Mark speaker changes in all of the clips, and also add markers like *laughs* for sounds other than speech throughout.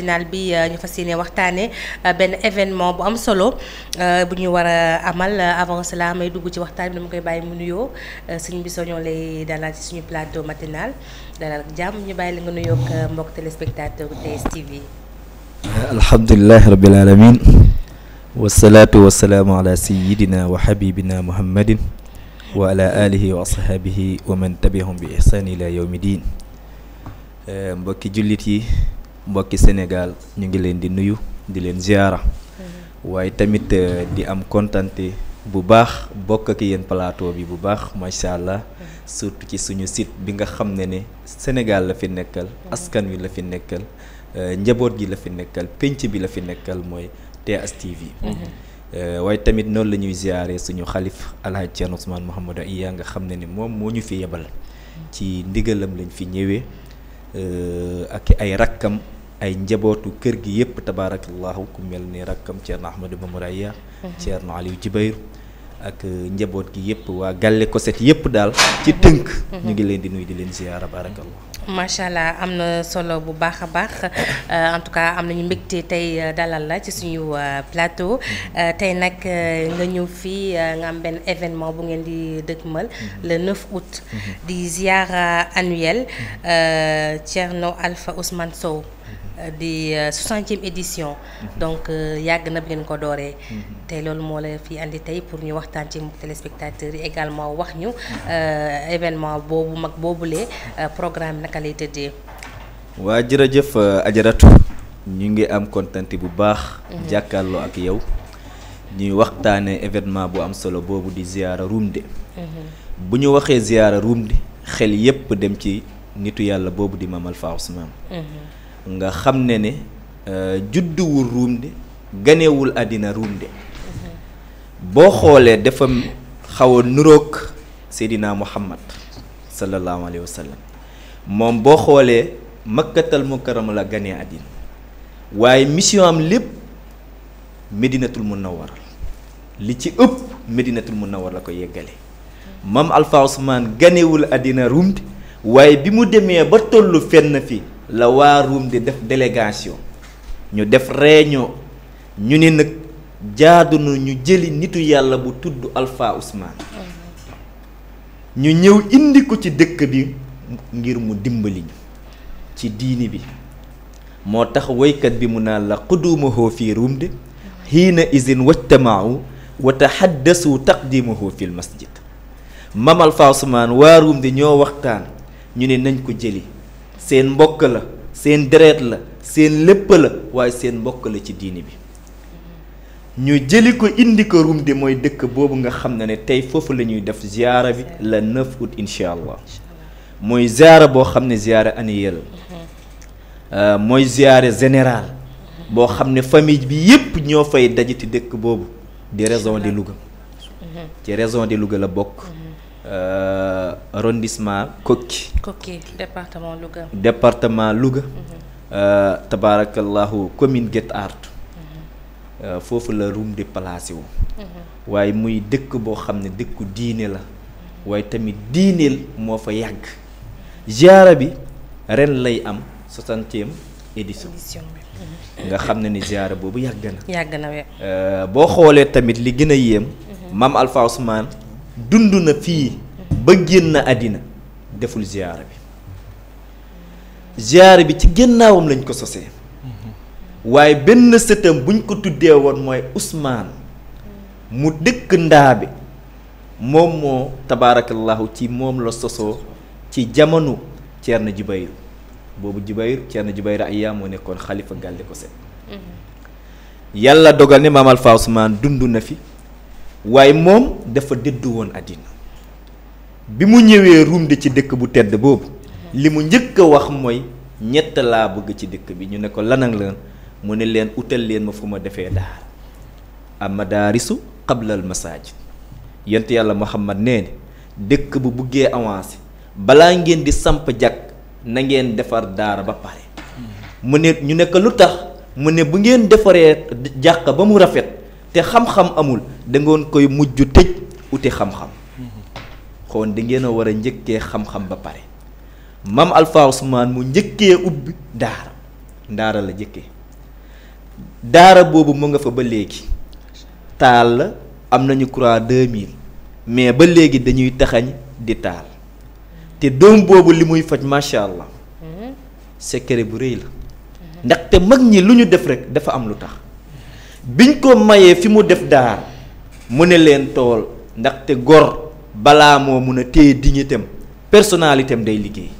Speaker 1: final bi ñu fas waxtane ben événement bu am solo bu ñu wara amal avant cela may dugg ci waxtane bi dama koy baye mu nuyo sëñ bi soñoo lay dalal ci suñu plateau matinal dalal jam ñu baye la nga nuyo ak mbokk téléspectateur TV
Speaker 2: alhamdulilahi rabbil alamin wasalaatu wasalaamu ala sayidina wa xabibina muhammadin wa ala alihi wa ashabihi wa man tabiahum bi ihsan ila yawmi din jullit yi mbokki Sénégal ñu ngi leen di nuyu di leen ziara waaye tamit euh, di am kontante bu baax bokk ak yéen plateau bi bu baax macha allah surtout ci suñu sit bi nga xam ne ne Sénégal la fi nekkal askan wi la fi nekkal euh, njaboot gi la fi nekkal pénc bi la fi nekkal mooy TS TV euh, waaye tamit noonu la ñuy ziare suñu xalif alhaaj Ceerno Ousmane Mouhamadou Iya nga xam ne ni moom moo ñu fi yebal ci ndigalam lañ fi ñëwee ak ay rakkam ay njabootu kër gi yëpp tabaarakallaahu ku mel ni rakkam Thierno Ahmadou Mamouraya mhm. Thierno Aliou Djibayr ak euh, njaboot gi yëpp waa Galle Koset yëpp daal ci tënk mhm. ñu ngi leen di nuyu di leen ziyaara barakallah
Speaker 1: macha allah am na solo bu baax a baax *coughs* euh, en tout cas am nañu mbégte tey euh, dalal la ci suñu plateau mhm. tey nag nga ñëw fii nga am benn événement bu ngeen di dëkkmal le 9 août. di ziara annuelle Thierno alfa Ousmane Sow. 60 euh, e euh, édition mhm. donc euh, yàgg na ko mhm. té la fi andi pour ñu waxtaan ci téléspectateurs également wax ñu mhm. événement bobu mag programme naka lay
Speaker 2: wa jërëjëf ñu ngi am bu baax ak yow événement bu am solo bobu di bu ñu xel yépp dem ci di mamal nga xam ne ne euh, judduwul ruumde ganewul àddina ruumde boo xoolee dafa xawa nurook nuroog Seydina Muhammad sallallahu alayhi wa moom boo xoolee makkatal mukarrama la ganee àddina waaye mission am lépp medinatul munawwara li ci ëpp medinatul munawwara la ko yeggale maam Alpha Ousmane ganewul àddina ruumde waaye bi mu demee ba tollu fenn fi la waa Roum def délégation ñu def réunion ñu ne nag jaadu na jëli nitu yàlla bu tudd Alpha Ousmane ñu ñëw indi ko ci dëkk bi ngir mu dimbali ñu ci diini bi moo tax woykat bi mu naan la quduumahoo fii rumde hiina isin wajtamaawu wa taxaddasu taqdiimahoo fil masjid mamal Alpha Ousmane waa rumde ñoo waxtaan ñu ne nañ ko jëli seen mbokk la seen deret la seen lépp la waaye seen mbokk la ci diini bi ñu jëli ko indi ko Rumde mooy dëkk boobu nga xam ne ne tey foofu la ñuy def ziara bi la 9 août incha allah mooy ziara boo xam ne ziara annuelle euh, mooy ziara général boo xam ne famille bi yépp ñoo fay dajati dëkk boobu di région de Louga mhm. ci région de Louga la bokk mhm. Euh, arrondissement Kokki.
Speaker 1: Kokki département Louga.
Speaker 2: département Louga. Mhm. Euh, tabaarakallahu commune Guet Art. Mhm. Euh, foofu la Roum di placé wu.
Speaker 1: Mhm.
Speaker 2: waaye muy dëkk boo xam ne dëkku diine la. waaye tamit diineel moo fa yàgg. ziara bi ren lay am soixantième édition. nga xam ne ni ziara boobu yàgg
Speaker 1: na.
Speaker 2: boo xoolee tamit li gën a yéem. maam Alpha Ousmane. dund na fii ba génn àddina deful ziyaara bi ziyaara bi ci génnaawam lañ ko sosee waaye benn sëtam buñ ko tuddee woon mooy Ousmane mu dëkk ndaa bi moom moo tabaarakallahu ci moom la sosoo ci jamono Ceerno Jibayru boobu Jibayru Ceerno Jibayru ay yaa moo nekkoon xalifa gàlli ko set
Speaker 3: mm-hmm.
Speaker 2: yàlla dogal ne Maam Alfa Ousmane dund na fi waye mom dafa deddu won adina bi mu room rumde ci dekk bu tedd boobu limu ñëkk wax moy ñett la bëgg ci dekk bi ñu ne ko lanang lan mu ne leen utal leen ma fuma ma defee amadarisu qabla al masajid yent yalla muhammad neene dekk bu bëggé avancé bala ngeen di samp jak na ngeen defar daara ba paré mu ne ñu ne ko lutax mu ne bu ngeen défaré jak ba mu rafet te xam-xam amul dangoon koy mujj tëj uti xam-xam xoon di ngeen a war a njëkkee xam-xam ba pare mam Alpha Ousmane mu njëkkee ubbi daara daara la njëkkee daara boobu mu nga fa ba léegi taal la am nañu croix 2000 mais ba léegi dañuy taxañ di taal te doom boobu li muy faj macha allah mhm. secret bu rëy la mhm. ndaxte mag ñi lu ñu def rek dafa am lu tax. biñ ko mayee fi mu def daar mu ne leen tool ndaxte gor balaa moo mun a téye dignité am personnalité am day liggéey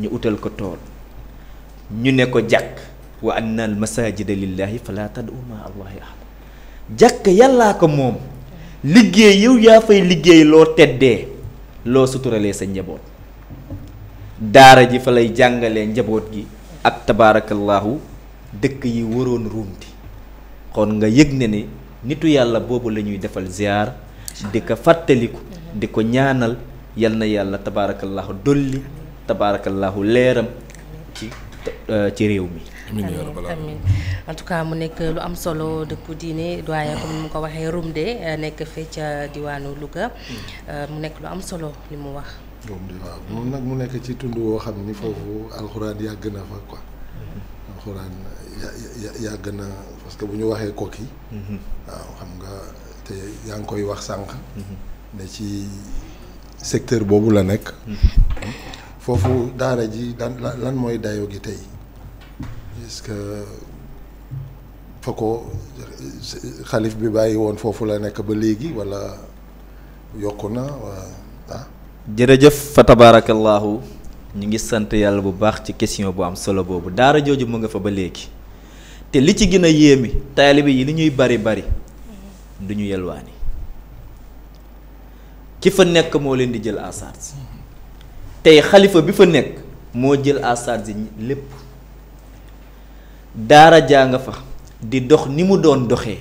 Speaker 2: ñu utal ko tool ñu ne ko jàkk wa anna al masajida lillahi fala tad'u ma allahi ahad jàkk yàllaa ko moom liggéey yow yaa fay liggéey loo teddee loo suturalee sa njaboot daara ji fa lay jàngalee njaboot gi ak tabaarakallaahu dëkk yi waroon ruumti kon nga yëg ne ni nitu yàlla boobu la defal ziar di ko fàttaliku di ko ñaanal yal na yàlla tabaarakallahu dolli tabaarakallahu leeram ci euh, ci réew mi ya amin
Speaker 1: en tout cas mu nekk lu am solo dëkku diine doyen comme mu ko waxee rumde euh, nekk fee ca diwaanu Louga hmm. euh, mu nekk lu am solo li mu wax
Speaker 4: rumde waaw moom nag mu nekk ci tund woo xam ni foofu alxuraan yàgg fa quoi alxuraan yàgg na parce que bu ñu waxee kokki mhm. waaw xam nga te yaa ngi koy wax sànq mhm. ne ci secteur boobu la nekk mhm. foofu daara ji lan lan mooy dayo gi tey parce que fa ko xalif bi bàyyi woon foofu la nekk ba léegi wala yokk na wala
Speaker 2: ah jërëjëf fa tabaarakallaahu ñu ngi sant yàlla bu baax ci question bu am solo boobu daara jooju mu nga fa ba léegi te li ci gën a yéemi taalibe yi li ñuy bari bari du ñu yelwaani ki fa nekk moo leen di jël à charge tey xalifa bi fa nekk moo jël à charge lépp daara jaa nga fa di dox ni mu doon doxee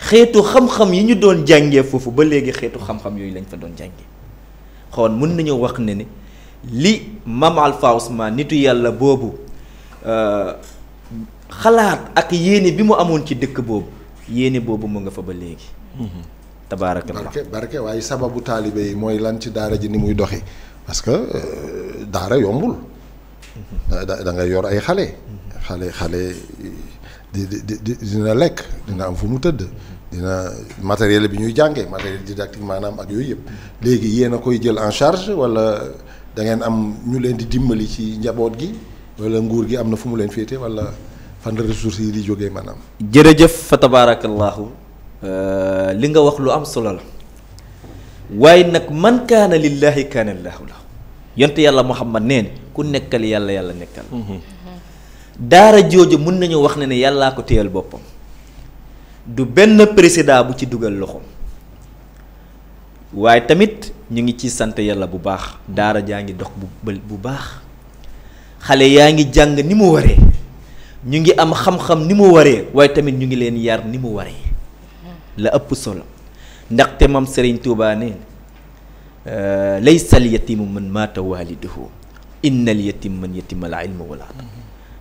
Speaker 2: xeetu xam-xam yi ñu doon jàngee foofu ba léegi xeetu xam-xam yooyu lañ fa doon jàngee xoon mën nañu wax ne ni. li Mame Alpha Ousmane nitu yàlla boobu euh,
Speaker 4: xalaat ak yéene bi mu amoon ci dëkk boobu yéene boobu mu nga fa ba léegi mhm. tabaarakallah barke barke waaye sababu taalibe yi mooy lan ci daara ji ni muy doxee parce que euh, daara yombul mhm. da da nga yor ay xale mhm. xale xale di di dina lekk dina am fu mu tëdd dina matériel bi ñuy jàngee matériel didactique maanaam ak yooyu yëpp léegi yéen a koy jël en charge wala da ngeen am ñu leen di dimbali ci njaboot gi wala nguur gi am na fu mu leen féete wala fan la ressources yi di jógee maanaam. jërëjëf fa tabaarakallaahu euh, li nga wax lu am
Speaker 2: solo la waaye nag man kaana lillaahi kaana lillaahu la yonte yàlla Muhammad nee na ku nekkal yàlla yàlla nekkal. Mhm. daara jooju mun nañu wax ne ne yàllaa ko téyal boppam du benn président bu ci dugal loxo waaye tamit. ñu ngi ci sant yàlla bu baax daara jaa ngi dox bu bu baax xale yaa ngi jàng ni mu waree ñu ngi am xam-xam ni mu waree waaye tamit ñu ngi leen yar ni mu waree la ëpp solo ndaxte mam Serigne Touba ne euh, laysa al yatimu man maata waaliduhu inna al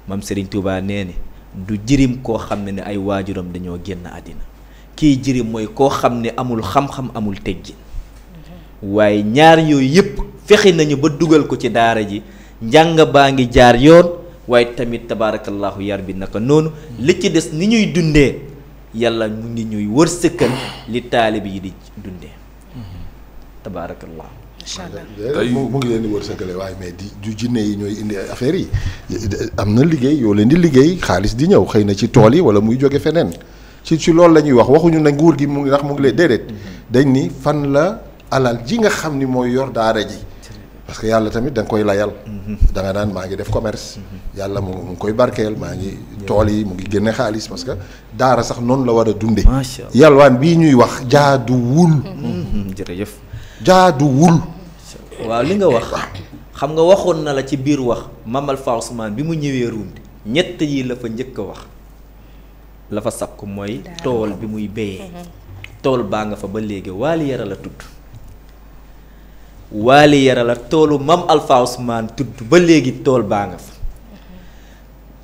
Speaker 2: mam Serigne Touba nee ne du jirim koo xam ne ne ay waajuram dañoo génn àddina kii jirim mooy koo xam ne amul xam-xam amul teggin waaye ñaar yooyu yëpp fexe nañu ba dugal ko ci daara ji njàng baa ngi jaar yoon waaye tamit tabaarakallaahu yar bi naka noonu li ci des ni ñuy dundee yàlla mu ngi ñuy wërsëkkal li taalib yi di
Speaker 4: dundee tabaarakallaahu
Speaker 3: incha allah
Speaker 4: mu ngi leen di wërsëgale waaye mais di du jinne yi ñooy indi affaire yi am na liggéey yoo leen di liggéey xaalis di ñëw xëy na ci tool yi wala muy jóge feneen ci ci loolu la ñuy wax waxuñu na nguur gi mu ngi ndax mu ngi leen déedéet mm-hmm. dañ ni fan la alal ji nga xamni ni yor daara ji parce que yalla tamit dang koy layal da nga nan ma ngi def commerce yalla mo ngi koy barkel ma ngi tool yi ngi xaliss parce que daara sax non la wara dundé dunde wan bi ñuy wax jaadu wul hmm, jerejef jaadu wul wa li nga wax xam
Speaker 2: nga waxon na la ci bir wax mamal fausman bi mu ñewé rundi ñett yi la fa ñëk wax la fa sab ko mooy bi muy béyé
Speaker 3: mhm.
Speaker 2: tol ba nga fa ba légui yara la tuddu waali yara la toolu mam Alpha Ousmane tudd ba léegi tool baa nga fa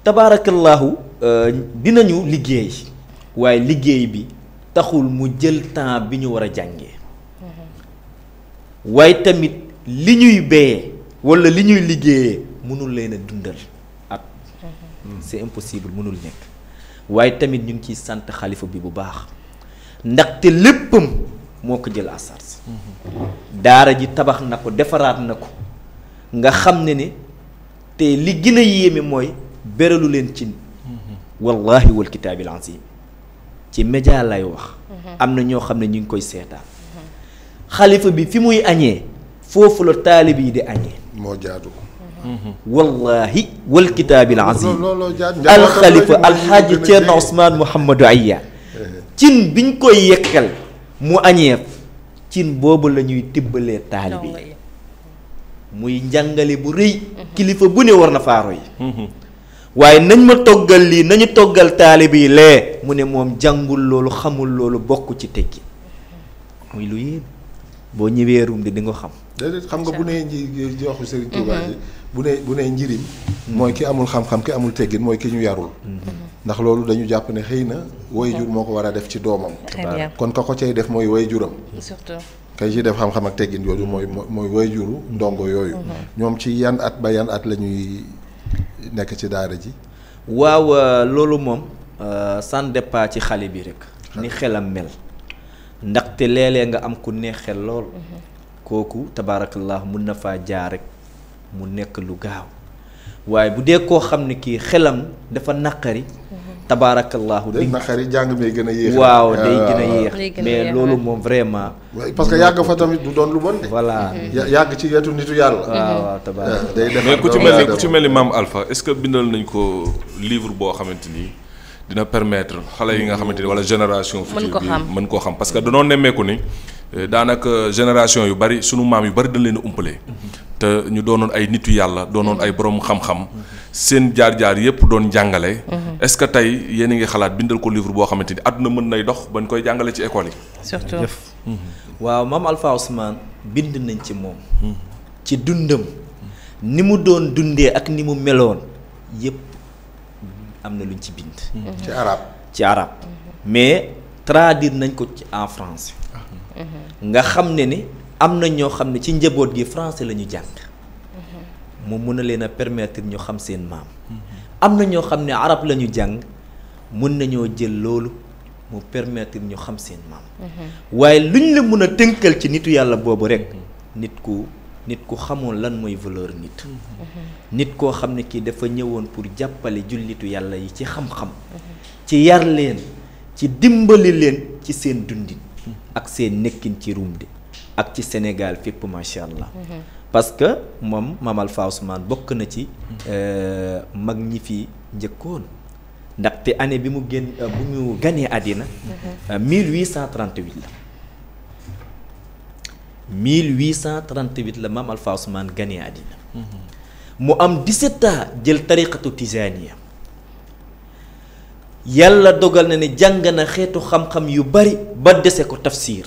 Speaker 2: tabaarakallaahu euh, dinañu liggéey waaye liggéey bi taxul mu jël temps bi ñu war a jàngee waaye tamit li ñuy béyee walla li ñuy liggéeyee mënul leen a dundal at c'est impossible mënul nekk waaye tamit ñu ngi ci sant xalifa bi bu baax ndaxte léppam moko jël asars daara ji tabax nako defaraat nako nga xamne ne te li gina a moy beralu len ci wallahi wal kitab al azim ci média lay wax amna ño xamne ñing koy seta khalifa bi fi muy agné fofu lo talib yi di agné mo jaatu wallahi wal kitaabil azim alxalifa alxaaji Ceerno Ousmane Mouhamadou Aya cin biñ koy yekkal mu añee cin boobu lañuy ñuy tibbalee taalibe yi muy njàngale bu rëy mhm. kilifa bu ne war na faaro yi mhm. waaye nañ ma toggal lii nañu toggal taalibe yi lee mu ne moom jàngul loolu xamul loolu bokk ci tekki
Speaker 4: mhm. muy lu yéen boo ñëwee Rumdi di nga xam xam nga bu nee ji bu nee njirim mooy ki amul xam-xam ki amul teggin mooy ki ñu yarul ndax loolu dañu jàpp ne xëy na waajur moo ko war a def ci doomam kon ka ko cay def mooy woy surtout kay ci def xam-xam ak teggin yooyu mooy mooy juru ndongo yooyu mm-hmm. ñoom ci yan at ba yan at lañuy nekk ci daara ji waaw euh, loolu
Speaker 2: moom sans euh, ci xale bi rek ni xelam mel ndaxte léeg-léeg nga am ku neex xel lool mm-hmm. kooku tabaarakallah mun na faa jaar rek mu nekk lu gaaw waaye bu dee koo xam ne kii xelam dafa naqari. Mhm.
Speaker 4: tabaarakallaahu di naqari jàng a yéex. waaw ah. day gën a yéex mais loolu moom vraiment. parce que yàgg fa tamit du doon lu bon de. voilà mhm. yàgg ci yetu nitu yàlla. Mhm. waaw waaw tabaarak ah, day mais ku ci mel ni ku ci
Speaker 5: mel ni maam Alpha est-ce bindal nañ ko livre boo xamante ni dina permettre xale yi nga xamante ni wala génération. future bi mën koo xam parce que danoo nemmeeku ni. Euh, daanaka génération yu bari sunu maam yu bari dañ leen a te ñu doonoon ay nitu yàlla doonoon ay borom xam-xam seen jaar-jaar yépp doon jàngale est-ce que tey yéen a ngi xalaat bindal ko livre boo xamante ni àdduna mën nay dox bañ koy jàngale ci école yi
Speaker 1: surtout
Speaker 2: waaw maam Alpha Ousmane bind nañ ci moom ci dundam ni mu doon dundee ak ni mu meloon yépp am na luñ ci bind ci arab ci arab mais traduire nañ ko ci en français Mhm. nga xam ne ni am na ñoo xam ne ci njaboot gi français la ñu jàng
Speaker 3: mhm.
Speaker 2: mu mun a leen a permettre ñu xam seen maam mhm. am na ñoo xam ne arab la jàng mun nañoo jël loolu mu permettre ñu xam seen maam waaye luñ la mun a tënkal ci nitu yàlla boobu rek nit ku nit ku xamoon lan mooy valeur nit nit koo xam ne kii dafa ñëwoon pour jàppale jullitu yàlla yi ci xam-xam ci yar leen ci dimbali leen ci seen dundin ak seen nekkin ci de ak ci Sénégal fépp macha mhm. parce que moom Mame Alpha Ousmane bokk na ci connais, euh, ñi fi njëkkoon année bi mu génn euh, bu ñu adina 1838 mhm. euh, la 1838 la Mame Alpha Ousmane ganee mhm. mu am 17 ans jël tariqatu tijaaniya Yalla dogal na ni jang na xetu xam-xam yu bari ba dese ko tafsir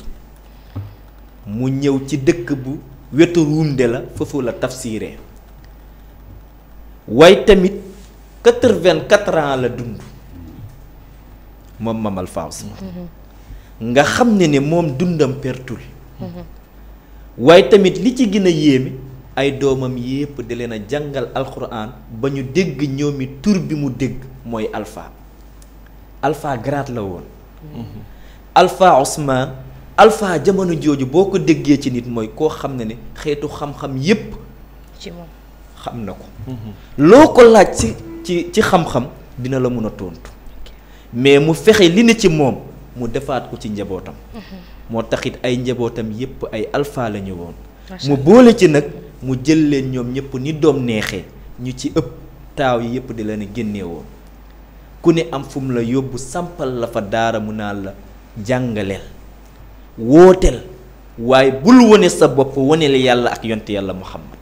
Speaker 2: mu ñew ci dekk bu wetu ruumde la fofu la tafsiré way tamit 84 ans la dund mom mamal faus mm-hmm. nga xam ne ne moom dundam pertul mm-hmm. way tamit li ci gina a ay domam yépp de leena jangal alquran bañu dégg bi mu dégg alpha alpha grade la woon alpha Ousmane alpha jamono jooju boo ko déggee ci nit mooy koo xam ne ne xeetu xam-xam yépp xam na ko mhm. loo ko laaj ci ci ci xam-xam dina la mun a tontu mais mu fexe li ne ci moom mu defaat ko ci njabootam mhm. moo taxit ay njabootam yépp ay alpha la woon mu boole ci nag mu jël leen ñoom ñëpp ni doom neexee ñu ci ëpp taaw yi yépp di leen génneewoon ku ne am fu la yóbbu sampal la fa daara mu naan la jàngaleel wooteel waaye bul wone sa bopp wone la yàlla ak yont yàlla muhammad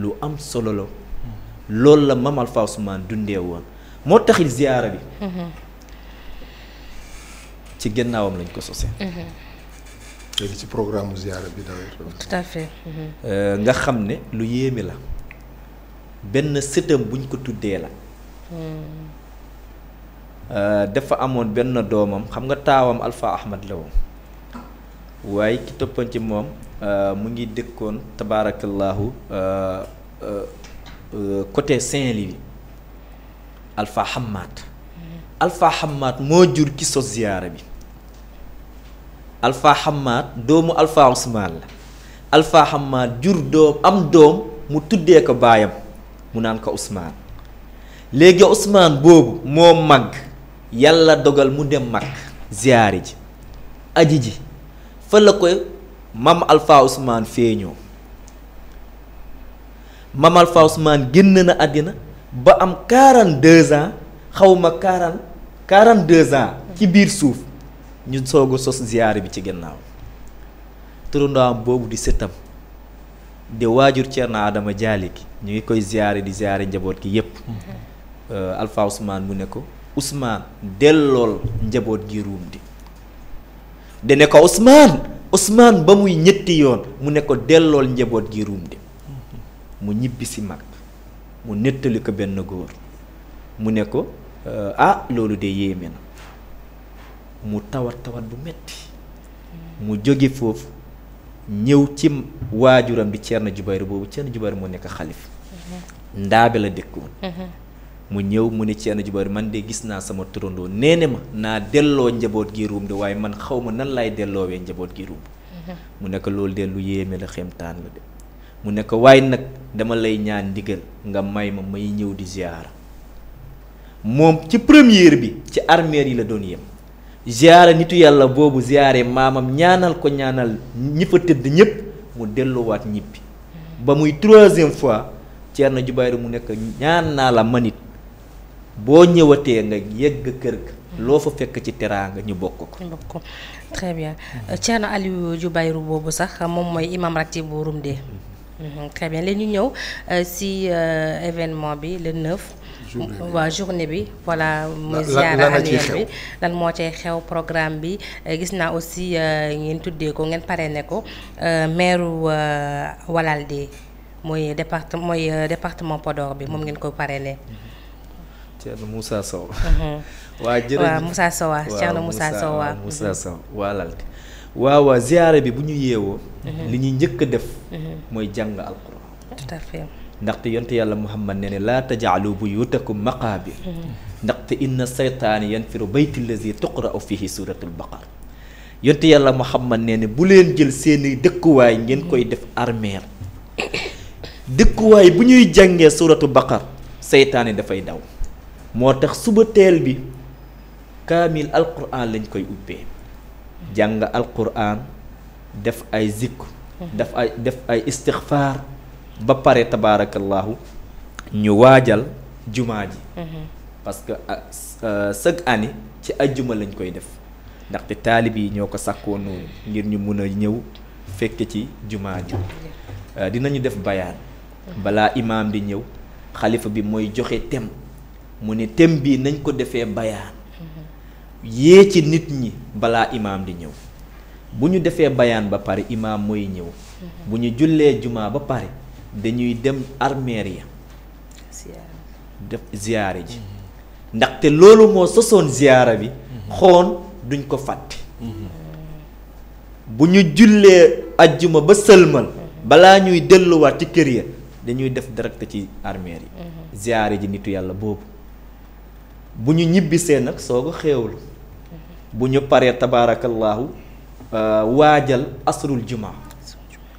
Speaker 2: lu am sololo la loolu la Mame Alpha Ousmane dundee woon moo taxit ziyaara bi mhm. ci gannaawam lañ ko sosee mhm. léegi ci mhm. euh, nga xam ne lu yéeme la benn sëtam buñ ko tuddee la Euh, dafa amoon benn doomam xam nga taawam Alpha Ahmad la woon waaye ki toppoon ci moom euh, mu ngi dëkkoon tabaarakallaahu euh, côté Saint-Louis Alpha Hamad Alpha Hamad moo jur ki sos ziyaara bi Alpha Hamad doomu Alpha Ousmane la Alpha Hamad jur doom am doom mu tuddee ko baayam mu naan ko Ousmane léegi Ousmane boobu moo màgg yàlla dogal mu dem mag ziyaari ji aji ji fa la ko mam Alpha Ousmane feeñoo mam Alpha Ousmane génn na àddina ba am 42 ans xawma ma 40 42 ci biir suuf ñu soog a sos ziyaari bi ci gannaaw turandoom boobu di sëtam di waajur Thierno Adama Dialik ñu ngi koy ziyaari di ziyaari njaboot gi yépp mm-hmm. Euh, Alpha Ousmane mu ne ko Ousmane dellool njaboot gi ruum di dane ko Ousmane Ousmane ba muy ñetti yoon mu ne ko dellool njaboot gi ruum di mu ñibbi si mag mu nettali ko benn góor mu ne ko euh, ah loolu de yéeme na mu tawat tawat bu metti mu jóge foofu ñëw ci waajuram bi Thierno Jubayru boobu Thierno Jubayru moo nekk xalifa mhm. ndaabe la dëkkoon mhm. mu ñëw mu ne Thierno Djibar man de gis naa sama turandoo nee ma naa delloo njaboot gi ruum de waaye man xaw ma nan laay delloowee njaboot gi ruum mhm. mu ne loolu de lu yéeme la xemtaan la de mu ne ko waaye nag dama lay ñaan ndigal nga may ma may ñëw di ziar moom ci première bi ci armeer yi la doon yem ziara nitu yàlla boobu ziare maamam ñaanal ko ñaanal ñi fa tëdd ñëpp mu delloowaat ñibbi mhm. ba muy troisième fois Thierno Djibar mu nekk ñaan bo ñëwatee nga yegg kër lo fa fekk ci teraanga ñu bokk
Speaker 1: ko très bien euh, Thierno Aliou ju Bayru boobu sax mom moy imam ratib bu Rumde mhm, très bien léegi ñu ñëw euh, si euh, événement bi le 9 wa journée bi voilà muy ziara annuelle bi lan moo cay xew programme bi gis naa aussi ngeen tuddé ko ngeen parrainé ko maire Walalde moy département moy département Podor bi mom ngeen ko parrainé mhm.
Speaker 2: ceerno moussa Wajir. wa Musa moussa sowa uh-huh. *laughs* Musa moussa sowa moussa sow waalalde waawa ziyaare bi bu ñu uh-huh. li ñuy njëkk def uh-huh. moy jang alquran tout à fait te yonte Yalla muhammad nee ne laa tajaalu buyutakum Ndax te inna seytaani yanfiru bayti lazi tuqra'u fihi suratul baqara yonte Yalla muhammad nee ne bu leen jël dekk way ngeen koy def armeer *coughs* dëkkuwaay bu ñuy jàngee suratu baqar seytaane dafay daw moo tax suba teel bi kaamil alquran lañ koy ubbee jàng alquran def ay zikku def ay def ay istixfaar ba pare tabaarakallaahu ñu waajal jumaa ji mhm. parce que ah, euh, chaque année ci ajjuma lañ koy def ndaxte taalib yi ñoo ko sàkkoon ngir ñu mun a ñëw fekke ci jumaa ji euh, dinañu def bayaan mhm. balaa imaam di ñëw xalifa bi mooy joxe tem mu ne thème bii nañ ko defee bayaan yée ci nit ñi balaa imaam di ñëw bu ñu defee bayaan ba pare imaam mooy ñëw bu ñu jullee jumaa ba pare dañuy dem armeer ya def ziyaare ji ndaxte loolu moo sosoon ziyaara bi xoon duñ ko fàtte bu ñu jullee ajjuma ba sëlmal balaa ñuy delluwaat ci kër ya dañuy def direct ci armeer yi mhm. ziyaare ji nitu yàlla boobu bu ñu ñibbisee nag soog a xéewlu bu ñu paree tabaarakallaahu euh, waajal asrul juma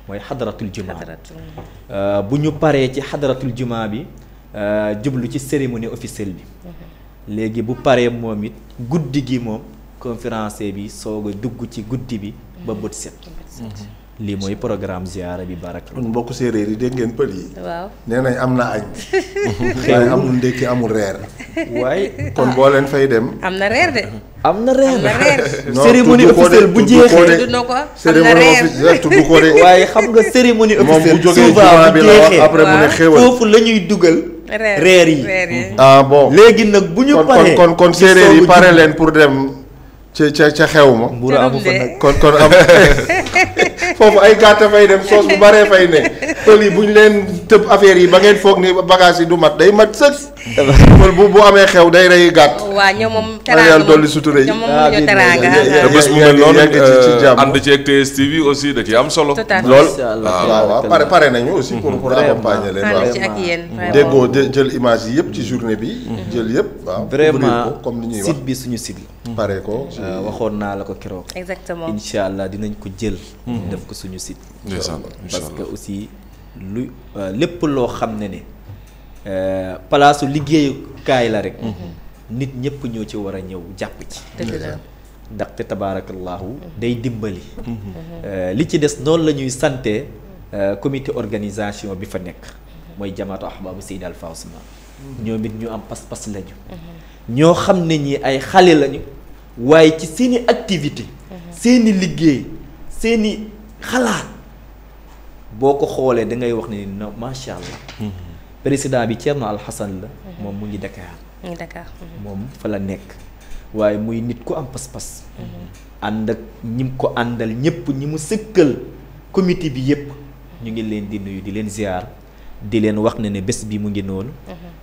Speaker 2: mooy xadaratul juma euh, bu ñu paree ci xadaratul juma bi euh, jublu ci cérémonie officielle bi léegi bu paree moom it guddi gi moom conférencier bi soog a dugg ci guddi bi
Speaker 4: ba bët set lii mooy programme ziara bi barak. kon mbokk séeréer yi dégg ngeen pël yi. waaw am na añ. xëy *laughs* amul ndékki amul reer. waaye kon boo leen fay dem.
Speaker 1: am na reer de.
Speaker 4: am na reer am officielle bu jeexee tudd ko de. waaye xam nga cérémonie officielle souvent bu jeexee après mu ne xéwal foofu
Speaker 2: la ñuy dugal. reer yi
Speaker 4: ah, léegi nag bu ñu paree kon kon kon séeréer yi pare leen pour dem ca ca xew ma. bu amu fa kon kon am. *laughs* foofu ay gàtt fay dem soos bu baree fay ne pël yi bu ñu leen tëb affaire yi ba ngeen foog ni bagage yi du mat day mat sëkk. kon bu amee xew day rey
Speaker 1: gàtt. Oh, waa ñoom moom teraanga moom dolli
Speaker 4: sutura yi. ah bii te bés bu mel noonu euh,
Speaker 5: ànd da ciy am solo. tout lool ah. waaw waaw pare pare
Speaker 4: nañu aussi. pour pour accompagner leen. waaw ci ak
Speaker 1: yéen déggoo
Speaker 4: jël image yi yëpp ci journée bi. Mm-hmm. jël yëpp waaw. vraiment comme ni ñuy wax site bi suñu site la. Mm-hmm. pare ko euh, waxoon naa la ko keroog. exactement incha
Speaker 2: allah dinañ ko jël. Mm-hmm. def ko suñu site. parce que aussi lu euh, lépp loo xam ne ne. Euh, palaasu liggéeyukaay la rek. nit ñëpp ñoo ci war a ñëw jàpp ci. ndaxte tabaarakallaahu day dimbali. Mm-hmm. Euh, li ci des noonu la ñuy sante euh, commité organisation bi fa nekk. mooy jamaatu ahbaabu Seyd Al Fawzana ñoom it ñu am pas-pas lañu. Mm-hmm. ñoo xam ne ñi ay xale lañu. waaye ci seeni activité. Mm-hmm. seeni liggéey
Speaker 1: seeni xalaat
Speaker 2: boo ko xoolee dangay wax ne na macha allah. président bi Thierno Al Hassan la. Mhm. moom mu ngi Dakar.
Speaker 1: mu ngi Dakar. Mhm. moom
Speaker 2: fa la nekk waaye muy nit ku am pas-pas. Mhm. ànd ak ñim ko àndal ñëpp ñi mu sëkkal comité bi yëpp ñu ngi leen di nuyu di leen ziar di leen wax na ne bés bi mu ngi noonu.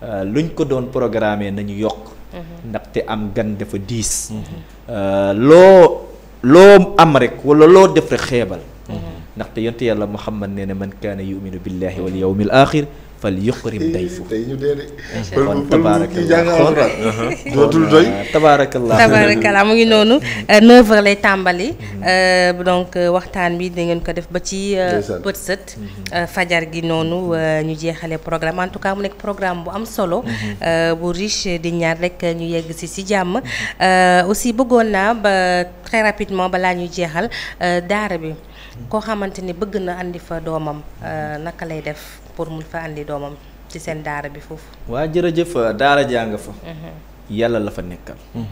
Speaker 2: Euh, luñ ko doon programmé nañu yokk. ndaxte am gan dafa diis. Euh, loo loo am rek walla loo def rek xeebal. te yonte yalla muhammad nee man kana yuminu billahi wal yawmil Akhir, fal yuqrim dayfu
Speaker 4: tey ñu dee de kon Allah.
Speaker 2: dootul doy tabaarakallah Allah. mu
Speaker 1: ngi nonu 9h eh, lay euh donc eh, waxtaan bi de ngeen ko def ba ci eh, bët mhm. fajar gi nonu ñu jeexale programme en tout cas mu nek programme bu am solo mhm. bu riche di ñaar rek ñu yegg ci jamm euh aussi bëggoon ba très rapidement ñu ñuy euh daara bi koo xamante ni bëgg na andi fa doomam euh, naka lay def pour mu fa andi doomam ci seen daara bi foofu.
Speaker 2: waa jërëjëf euh, daara jaa nga fa. Mhm. yàlla la fa nekkal. Mhm.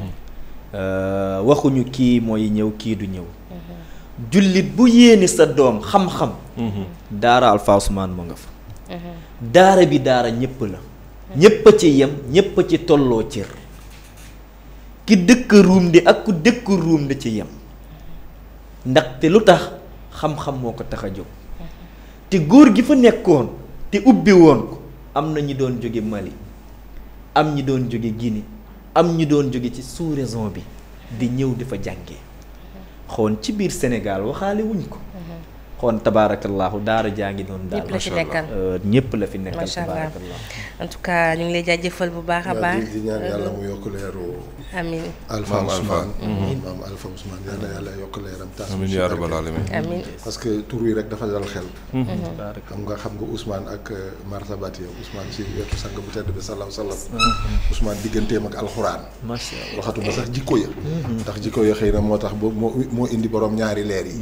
Speaker 2: Euh, waxuñu kii mooy ñëw kii du ñëw. Mhm. jullit bu yéene sa doom xam-xam. daara Alpha Ousmane mu nga fa. daara bi daara ñëpp la. ñëpp a ci yem ñëpp a ci tolloo cër. ki dëkk ruum ak ku dëkk ruum ci yem. ndaxte lu tax. xam-xam moo ko tax a jóg te góor gi fa nekkoon te ubbi woon ko am na ñu doon jóge Mali am ñi doon jóge Guinée am ñi doon jóge ci sous-région bi di ñëw di fa jàngee xoon ci biir Sénégal waxaale wuñ ko kon tabarakallah daara jaa ngi noonu daal ñëpp la fi nekkal eh, kan, ñëpp la fi nekkal tabarakallah
Speaker 1: en tout cas ñu ngi lay jajeufal bu baaxa baax di ñaan yalla
Speaker 4: mu yok leeru amin alfa usman maam mhm. alfa usman yalla yalla yok leeram taas amin ya rabbal alamin amin parce que tour yi rek dafa dal xel mhm. Mhm. xam nga xam nga usman ak eh, martabat yow usman ci yettu sang bu tedd bi sallallahu alayhi wasallam usman digganteem mak alquran ma sha Allah waxatu ba sax jikko ya ndax jikko ya xeyna motax moo tax indi borom ñaari leer yi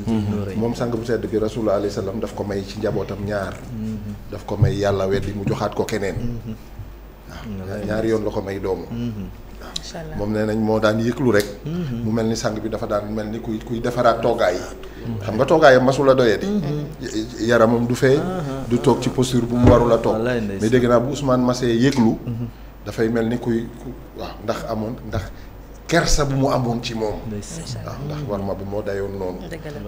Speaker 4: mom sang bu tedd bi rasulullah alayhi salaam daf ko may ci njabootam ñaar daf ko may yàlla yi mu joxaat ko keneen
Speaker 3: mm-hmm. waaw ñaari
Speaker 4: yoon la ko may doomu mm-hmm. moom ne nañ moo daan yëglu rek mm-hmm. mu mel ni sang bi dafa daan mel ni kuy kuy defaraat toogaay yi xam nga toogaayam masula doyee di yaramam du fee uh-huh. du toog ci posture bu mu warul a toog mais dégg naa bu Ousmane Masé yëglu dafay mel ni kuy waaw ndax amoon ndax kersa bu mu amoon ci moom. waaw ndax warma bi moo dayoon noonu.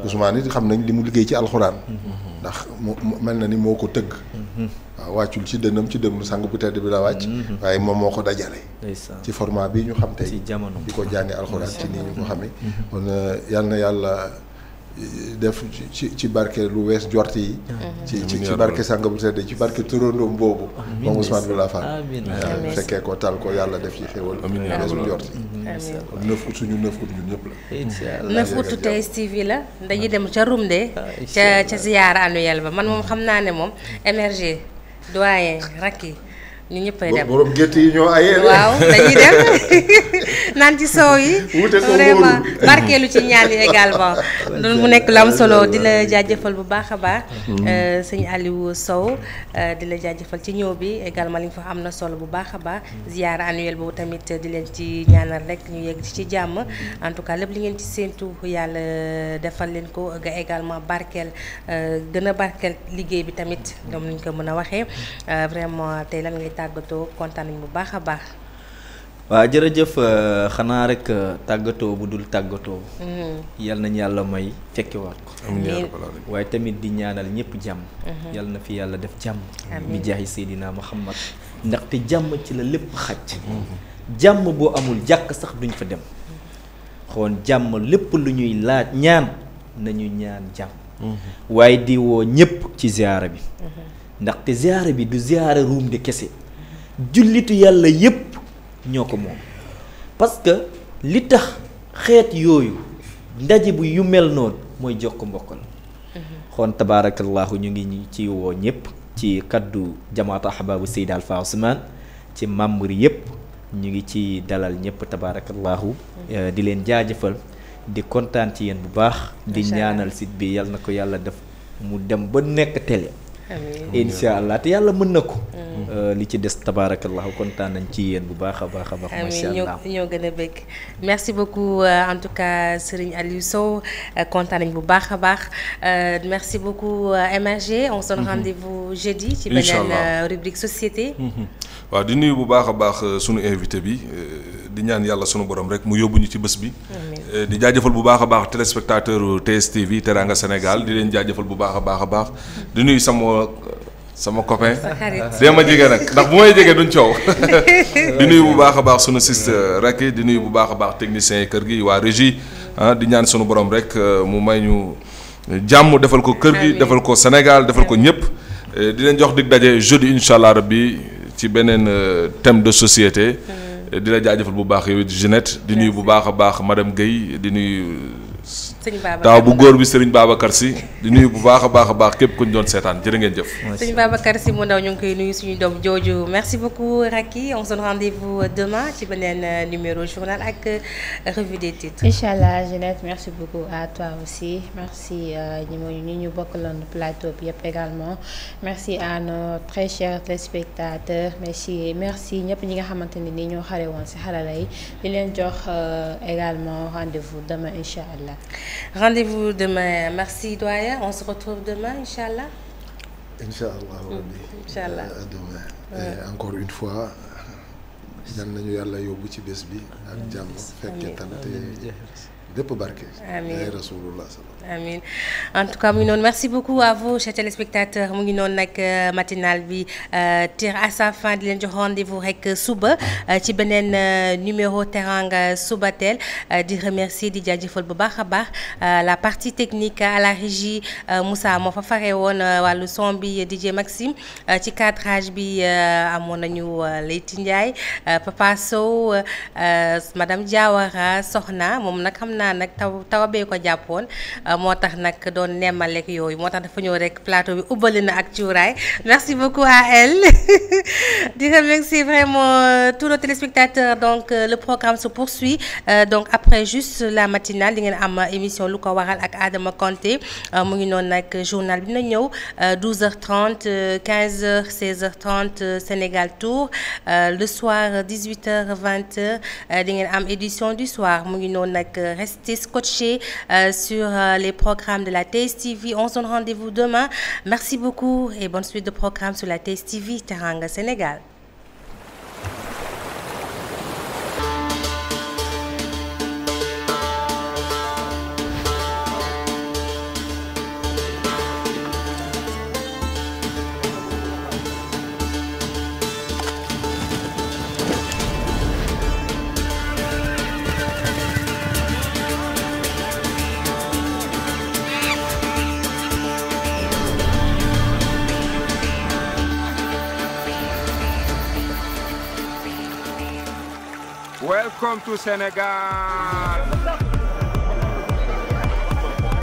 Speaker 4: Ousmane it xam nañ li mu liggéey ci alxuraan.
Speaker 3: Mm-hmm.
Speaker 4: ndax mu mel na ni moo ko tëgg.
Speaker 3: Mm-hmm.
Speaker 4: waaw wàccul ci dënnam ci dënnu sang bu tedd bi la wàcc. Mm-hmm. waaye moom moo ko dajale. ci format bi ñu xam tey. ci jamono di ko jàngi alxuraan ci nii ñu ko xamee. kon euh, yal yàlla. def ci ci barke lu wees jort yi. Mhm. ci ci barke sàng bu tedd ci barke turandoom boobu. moom Ousmane Bula Fall. amiin fekkee ko tal ko yàlla def ci xéwal. amiin weesu jort yi. Mhm. suñu neuf août ñun ñëpp la. incha allah neuf la
Speaker 1: dañuy ah. dem ca Rumde. Ah, ca ca ziyaara annuel ba man moom xam naa ne moom émergé doyen rakki. ñu ñëpp ay dem
Speaker 4: borom gétt yi
Speaker 1: *laughs* naan ci soow yi vraiment barkeelu ci *laughs* mu nekk lu am solo di la jaajëfal bu baax a baax mm-hmm. euh, sëñ Aliou Sow euh, di la jaajëfal ci ñëw bi également liñ fa am na solo bu baax a baax mm-hmm. ziyaara annuelle boobu tamit di leen ci ñaanal rek ñu yegg ci ci jàmm mm-hmm. en tout cas lépp li ngeen ci séentu yàlla defal leen ko nga également barkeel euh, gën a barkeel liggéey bi tamit ñoom ñu ko mën a waxee vraiment tey lan ngay tàggatoo kontaan nañ bu baax a baax.
Speaker 2: waaw jërëjëf euh, xanaa rek euh, tàggatoo bu dul tàggatoo. Mm-hmm. yal nañu yàlla may fekkiwaat ko. waaye tamit di ñaanal ñëpp jàmm. Mm-hmm. yal na fi yàlla def jàmm. bi jaaxi Seydina Muhammad ndaxte jàmm ci la lépp xaj. Mm-hmm. jàmm boo amul jàkk sax duñ fa dem. xoon jàmm lépp lu ñuy laaj ñaan nañu ñaan jàmm. waaye di woo ñëpp ci ziara bi. ndaxte ziara bi du ziara ruum de kese. jullitu yàlla yépp ñoo ko moom parce que li tax xeet yooyu ndaje bu yu mel noonu mooy jox ko mbokk la
Speaker 3: mm-hmm.
Speaker 2: xoon tabaarakallaahu ñu ngi ci woo ñëpp ci kaddu jamaatu ahbaabu Seydi Alfa Ousmane ci membre yëpp ñu ngi ci dalal ñëpp tabaarakallaahu mm-hmm. euh, di leen jaajëfal di kontaan ci yéen bu baax di ñaanal site bi yal na ko yàlla def mu dem ba nekk télé insha allah te yàlla mën na ko mm-hmm. Euh, li ci des tabarakallah kontaan nañ ci yéen bu baax a baax a allah amiin
Speaker 1: ñoo gëna a merci beaucoup euh, en tout cas Serigne Aliou Sow euh, kontaan nañ bu baax a baax merci beaucoup MAG on se mhm. rendez-vous jeudi. ci benen rubrique société.
Speaker 5: Mhm. wa di nuyu bu baax a baax sunu invité bi di ñaan yalla suñu borom rek mu yóbbu ñu ci bëss bi. di jaajeufal bu baax a baax téléspectateur TSTV Teranga Sénégal di leen jaajeufal bu baax a baax di nuyu sama sama copain ma
Speaker 3: ndax bu may duñ *laughs* di nuyu bu
Speaker 5: a baax sunu sister rek di nuyu bu technicien régie ah, di ñaan sunu borom rek euh, mu may ñu defal ko kër gi defal ko Sénégal defal ko ñëpp euh, di leen jox dig jeudi inchallah rabbi ci euh, thème de société mm. di la bu baax yow di nuyu bu madame gay di nuyu
Speaker 1: taaw bu goor bi
Speaker 5: Serigne Babacar si di nuyu bu baax a baax a baax képp ku ñu doon seetaan jërë ngeen jëf. Serigne
Speaker 1: Babacar si mu ndaw ñu ngi koy nuyu suñu doom jooju merci beaucoup Racky on se donne rendez-vous demain ci beneen euh, numéro journal ak euh, revue des titres. incha allah Jeannette merci beaucoup à toi aussi merci euh, ñi ma ñu ñu bokkaloon plateau bi yëpp également merci à nos très chers téléspectateurs merci merci ñëpp ñi nga xamante ne ni ñoo xare woon si xarala yi di leen jox également rendez-vous demain incha allah. Rendez-vous demain. Merci, Doyen. On se retrouve demain, Inch'Allah. Inch'Allah, Inch'Allah. Euh, demain. Et
Speaker 4: encore une fois, ñaan nañu yàlla yóbbu ci bés bi ak jàmm fekke tante Amin. barke.
Speaker 1: amiin en tout cas mu merci beaucoup à vous chers téléspectateurs mu ngi noonu euh, matinal bi euh, tire à sa fin de leen jox rendez-vous rek euh, suba ci beneen numéro Teranga suba teel di remercier di jaajëfal bu la partie technique à la régie Moussa moo fa fare son bi DJ Maxime ci cadrage bi amoon nañu Leyti Papa Sow madame Diawara Soxna moom nag merci beaucoup à elle *laughs* di remercier vraiment euh, tous nos téléspectateurs donc euh, le programme se poursuit euh, donc après juste la matinale di ngeen am émission lu ko waral ak Adama Kanté mu ngi noonu journal bi na 12h30 15h 16h30 Sénégal Tour le soir 18h 20h di ngeen am édition du soir mu ngi noonu rester scotché euh, sur euh, les programmes de la TSTV. On se donne rendez-vous demain. Merci beaucoup et bonne suite de programmes sur la TSTV Teranga Sénégal.
Speaker 2: partout Sénégal